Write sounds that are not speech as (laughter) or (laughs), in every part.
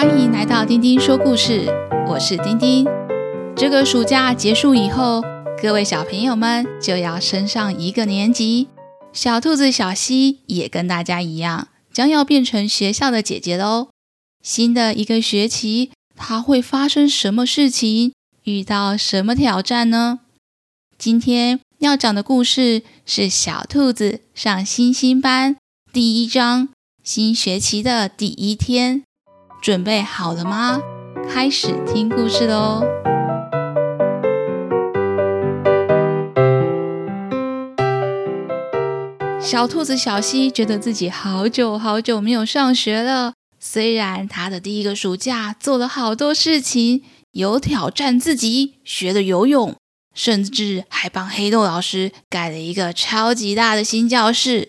歡迎來到丁丁說故事，我是丁丁。這個暑假結束以後，各位小朋友們就要升上一個年級。小兔子小希也跟大家一樣，將要變成學校的姐姐嘍。新的一個學期，它會發生什麼事情？遇到什麼挑戰呢？今天要講的故事是《小兔子上星星班》第一章：新學期的第一天。準備好了嗎？開始聽故事嘍！小兔子小希覺得自己好久好久沒有上學了。雖然他的第一個暑假做了好多事情，有挑戰自己，學了游泳，甚至還幫黑豆老師蓋了一個超級大的新教室，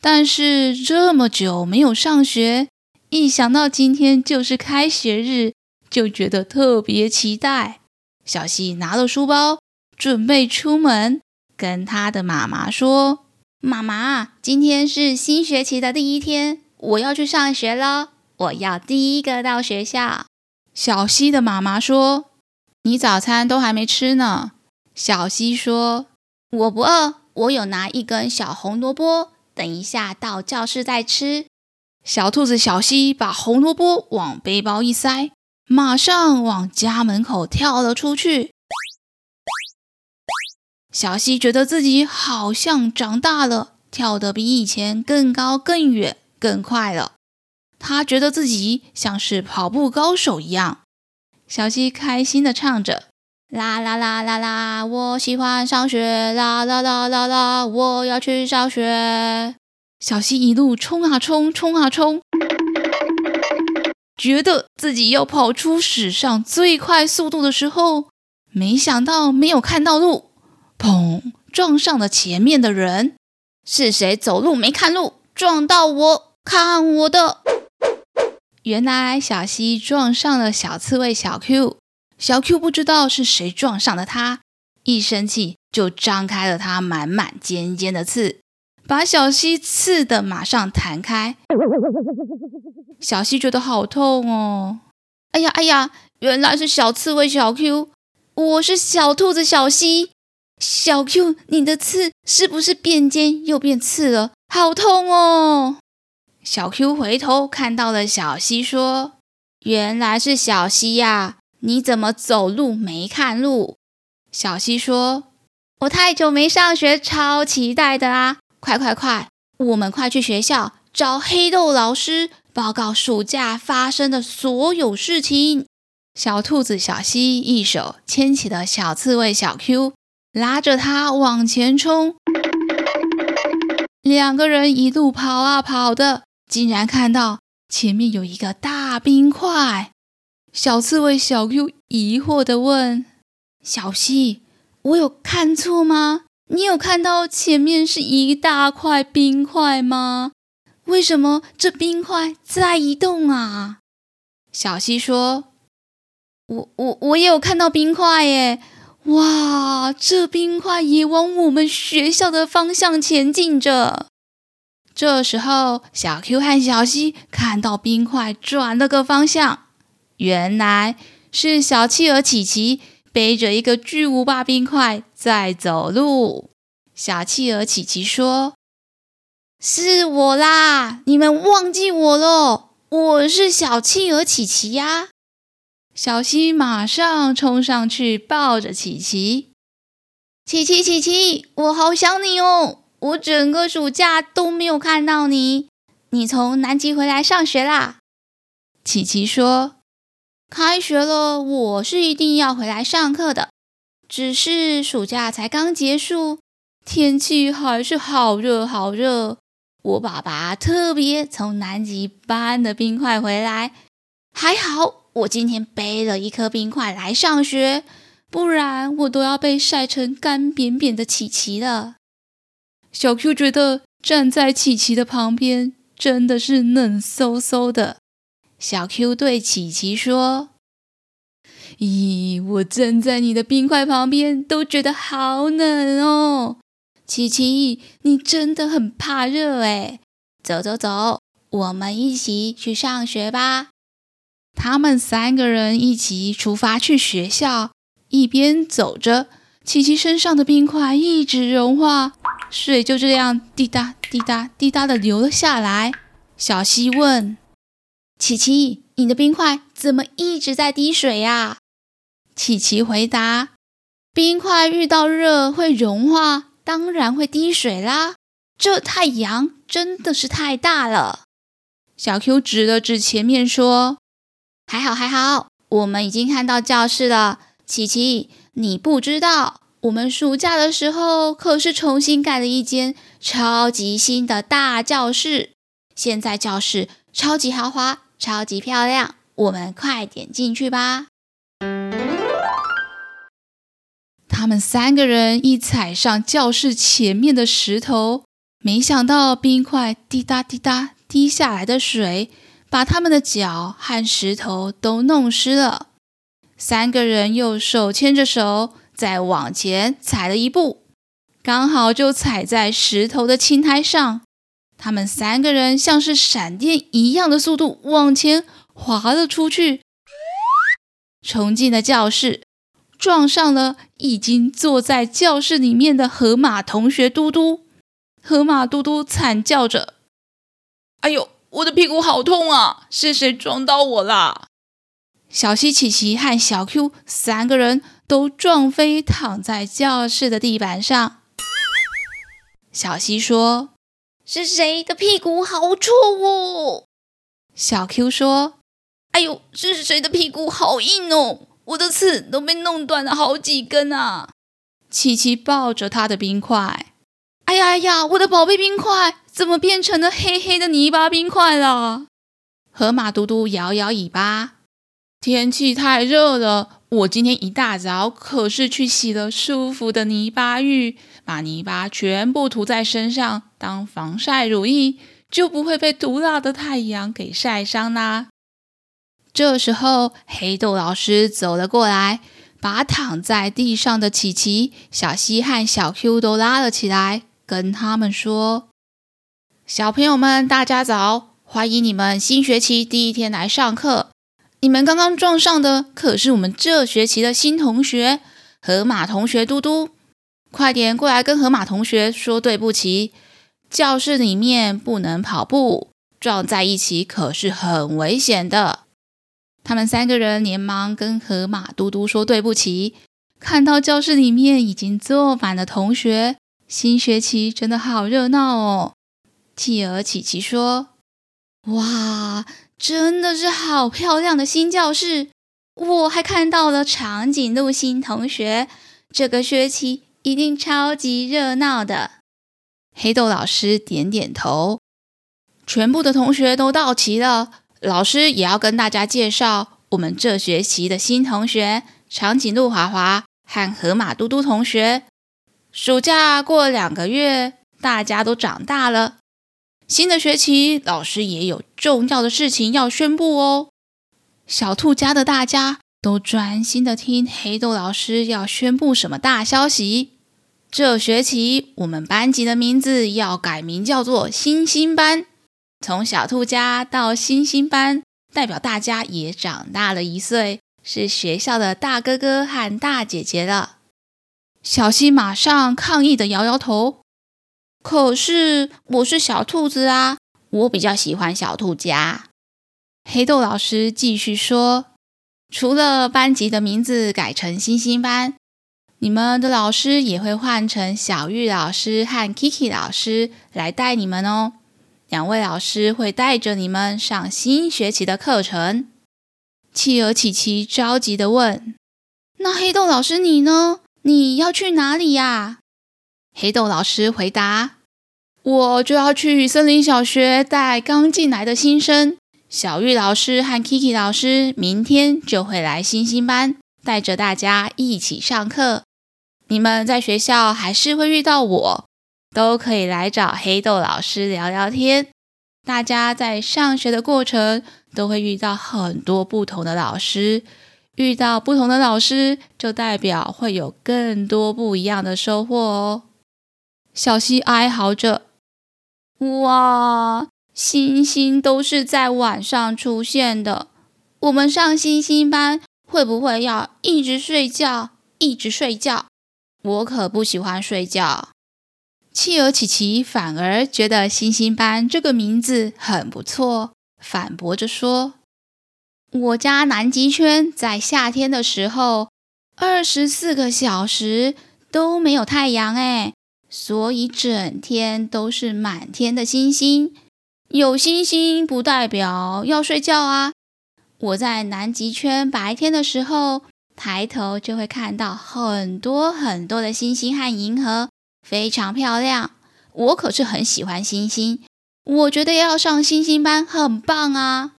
但是這麼久沒有上學。一想到今天就是開學日，就覺得特別期待。小希拿了書包，準備出門，跟他的媽媽說：“媽媽，今天是新學期的第一天，我要去上學了。我要第一個到學校。”小希的媽媽說：“你早餐都還沒吃呢。”小希說：“我不餓，我有拿一根小紅蘿蔔，等一下到教室再吃。”小兔子小希把紅蘿蔔往背包一塞，馬上往家門口跳了出去。小希覺得自己好像長大了，跳得比以前更高、更遠、更快了。他覺得自己像是跑步高手一樣。小希開心地唱着：啦啦啦啦啦，我喜歡上學，啦啦啦啦啦，我要去上學。小希一路衝啊衝，衝啊衝，覺得自己要跑出史上最快速度的時候，沒想到沒有看到路，砰，撞上了前面的人。是誰走路沒看路，撞到我？看我的！原來小希撞上了小刺蝟小 Q。小 Q 不知道是誰撞上了他，一生氣就張開了他滿滿尖尖的刺。把小希刺的馬上彈開，小希覺得好痛哦！哎呀哎呀，原來是小刺蝟小 Q，我是小兔子小希，小 Q 你的刺是不是變尖又變刺了？好痛哦！小 Q 回頭看到了小希，說：“原來是小希呀、啊，你怎麼走路沒看路？”小希說：“我太久沒上學，超期待的啦、啊！”快快快！我們快去學校找黑豆老師報告暑假發生的所有事情。小兔子小希一手牽起了小刺蝟小 Q，拉着它往前衝。兩個人一路跑啊跑的，竟然看到前面有一個大冰塊。小刺蝟小 Q 疑惑地問：“小希，我有看錯嗎？”你有看到前面是一大塊冰塊嗎？為什麼這冰塊在移動啊？小希說：“我我我也有看到冰塊耶！哇，這冰塊也往我們學校的方向前進着。”這時候，小 Q 和小希看到冰塊轉了個方向，原來是小企鵝琪琪。背着一個巨無霸冰塊在走路，小企鵝琪琪說：“是我啦！你們忘記我咯？我是小企鵝琪琪呀、啊！”小希馬上衝上去抱着琪琪：“琪琪，琪琪，我好想你哦！我整個暑假都沒有看到你，你從南極回來上學啦？”琪琪說。開學了，我是一定要回來上課的。只是暑假才剛結束，天氣還是好熱好熱。我爸爸特別從南極搬的冰塊回來，還好我今天背了一顆冰塊來上學，不然我都要被曬成乾扁扁的奇奇了。小 Q 覺得站在琪琪的旁邊真的是冷颼颼的。小 Q 對琪琪說：“咦，我站在你的冰塊旁邊都覺得好冷哦，琪琪，你真的很怕熱哎。”走走走，我們一起去上學吧。他們三個人一起出發去學校，一邊走着，琪琪身上的冰塊一直融化，水就這樣滴答滴答滴答的流了下來。小希問。琪琪，你的冰塊怎麼一直在滴水呀、啊？琪琪回答：“冰塊遇到熱會融化，當然會滴水啦。這太陽真的是太大了。”小 Q 指了指前面說：“還好，還好，我們已經看到教室了。琪琪，你不知道，我們暑假的時候可是重新蓋了一間超級新的大教室，現在教室超級豪華。”超級漂亮，我們快點進去吧。他們三個人一踩上教室前面的石頭，沒想到冰塊滴答滴答滴下來的水，把他們的腳和石頭都弄濕了。三個人又手牽着手，再往前踩了一步，剛好就踩在石頭的青苔上。他們三個人像是閃電一樣的速度往前滑了出去，衝進了教室，撞上了已經坐在教室裡面的河馬同學嘟嘟。河馬嘟嘟慘叫着：“哎呦，我的屁股好痛啊！是誰撞到我啦？”小希、琪琪和小 Q 三個人都撞飛，躺在教室的地板上。小希說。是誰的屁股好臭哦？小 Q 說：“哎呦，是誰的屁股好硬哦？我的刺都被弄斷了好幾根啊！”琪琪抱着他的冰塊：“哎呀哎呀，我的寶貝冰塊怎麼變成了黑黑的泥巴冰塊了？”河馬嘟嘟搖搖尾巴：“天氣太熱了。”我今天一大早可是去洗了舒服的泥巴浴，把泥巴全部塗在身上當防曬乳液，就不會被毒辣的太陽給曬傷啦、啊。這時候，黑豆老師走了過來，把躺在地上的琪琪、小希和小 Q 都拉了起來，跟他們說：“小朋友們，大家早，歡迎你們新學期第一天來上課。”你們剛剛撞上的可是我們這學期的新同學河馬同學嘟嘟，快點過來跟河馬同學說對不起。教室裡面不能跑步，撞在一起可是很危險的。他們三個人連忙跟河馬嘟嘟說對不起。看到教室裡面已經坐滿了同學，新學期真的好熱鬧哦。企鵝琪琪說。哇，真的是好漂亮的新教室！我還看到了長頸鹿新同學，這個學期一定超級熱鬧的。黑豆老師點點頭，全部的同學都到齊了，老師也要跟大家介紹我們這學期的新同學——長頸鹿華華和河馬嘟嘟同學。暑假過了兩個月，大家都長大了。新的學期，老師也有重要的事情要宣布哦。小兔家的大家都專心的聽黑豆老師要宣布什麼大消息。這學期我們班級的名字要改名叫做“星星班”。從小兔家到星星班，代表大家也長大了一歲，是學校的大哥哥和大姐姐了。小希馬上抗議的搖搖頭。可是我是小兔子啊，我比較喜歡小兔家。黑豆老師繼續說：“除了班級的名字改成星星班，你們的老師也會換成小玉老師和 Kiki 老師來帶你們哦。兩位老師會帶着你們上新學期的課程。”企鵝琪琪着急地問：“那黑豆老師你呢？你要去哪裡呀？”黑豆老師回答：“我就要去森林小學帶剛進來的新生。小玉老師和 Kiki 老師明天就會來星星班，帶着大家一起上課。你們在學校還是會遇到我，都可以來找黑豆老師聊聊天。大家在上學的過程都會遇到很多不同的老師，遇到不同的老師，就代表會有更多不一樣的收穫哦。”小希哀嚎着：“哇，星星都是在晚上出現的。我們上星星班會不會要一直睡覺，一直睡覺？我可不喜歡睡覺。”企鵝奇奇反而覺得“星星班”這個名字很不錯，反駁着說：“我家南極圈在夏天的時候，二十四個小時都沒有太陽誒、欸所以整天都是滿天的星星，有星星不代表要睡覺啊！我在南極圈白天的時候，抬頭就會看到很多很多的星星和銀河，非常漂亮。我可是很喜歡星星，我覺得要上星星班很棒啊！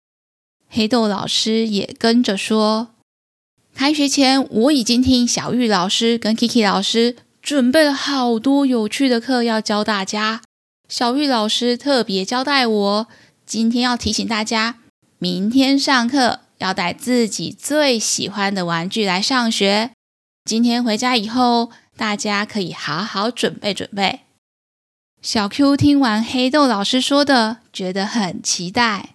黑豆老師也跟着說，開學前我已經聽小玉老師跟 Kiki 老師準備了好多有趣的課要教大家。小玉老師特別交代我，今天要提醒大家，明天上課要帶自己最喜歡的玩具來上學。今天回家以後，大家可以好好準備準備。小 Q 聽完黑豆老師說的，覺得很期待。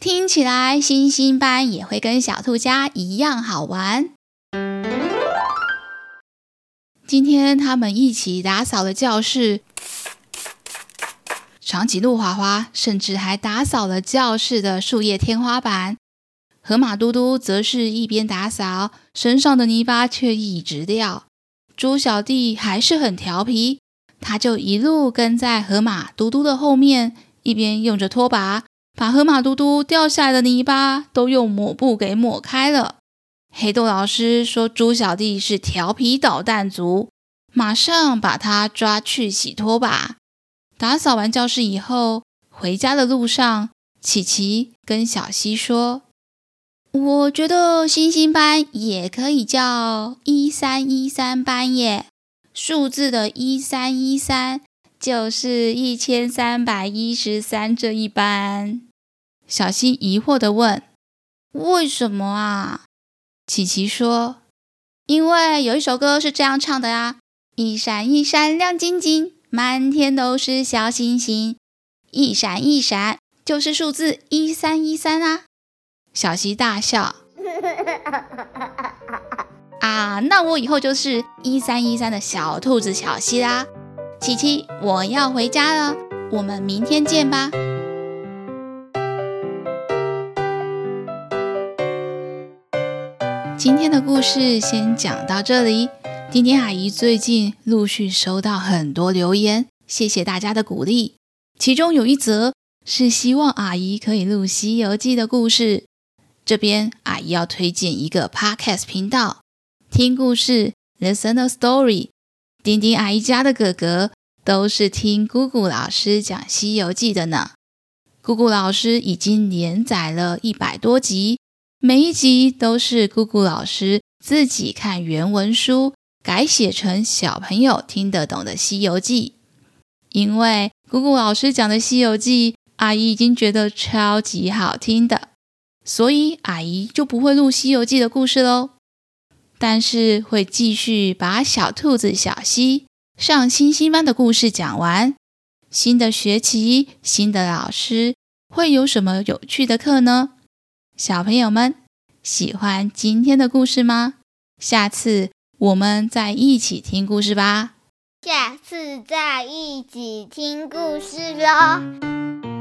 聽起來，星星班也會跟小兔家一樣好玩。今天他們一起打掃了教室，長頸鹿花花甚至還打掃了教室的樹葉天花板，河馬嘟嘟則是一邊打掃，身上的泥巴卻一直掉。豬小弟還是很調皮，他就一路跟在河馬嘟嘟的後面，一邊用着拖把，把河馬嘟嘟掉下來的泥巴都用抹布給抹開了。黑豆老師說：“豬小弟是調皮搗蛋族，馬上把他抓去洗拖把。”打掃完教室以後，回家的路上，琪琪跟小希說：“我覺得星星班也可以叫一三一三班耶，數字的一三一三就是一千三百一十三這一班。”小希疑惑地問：“為什麼啊？”琪琪說：“因為有一首歌是這樣唱的啊：「一閃一閃亮晶晶，滿天都是小星星，一閃一閃就是數字一三一三啊。”小希大笑：“ (laughs) 啊，那我以後就是一三一三的小兔子小希啦。”琪琪，我要回家了，我們明天見吧。今天的故事先講到這裡。丁丁阿姨最近陸續收到很多留言，謝謝大家的鼓勵。其中有一則是希望阿姨可以錄《西遊記》的故事。這邊阿姨要推薦一個 podcast 頻道，聽故事《Listen a Story》。丁丁阿姨家的哥哥都是聽姑姑老師講《西遊記》的呢。姑姑老師已經連載了一百多集。每一集都是姑姑老師自己看原文書改寫成小朋友聽得懂的《西遊記》，因為姑姑老師講的《西遊記》，阿姨已經覺得超級好聽的，所以阿姨就不會錄《西遊記》的故事嘍。但是會繼續把小兔子小希上星星班的故事講完。新的學期，新的老師，會有什麼有趣的課呢？小朋友們，喜歡今天的故事嗎？下次我們再一起聽故事吧！下次再一起聽故事嘍！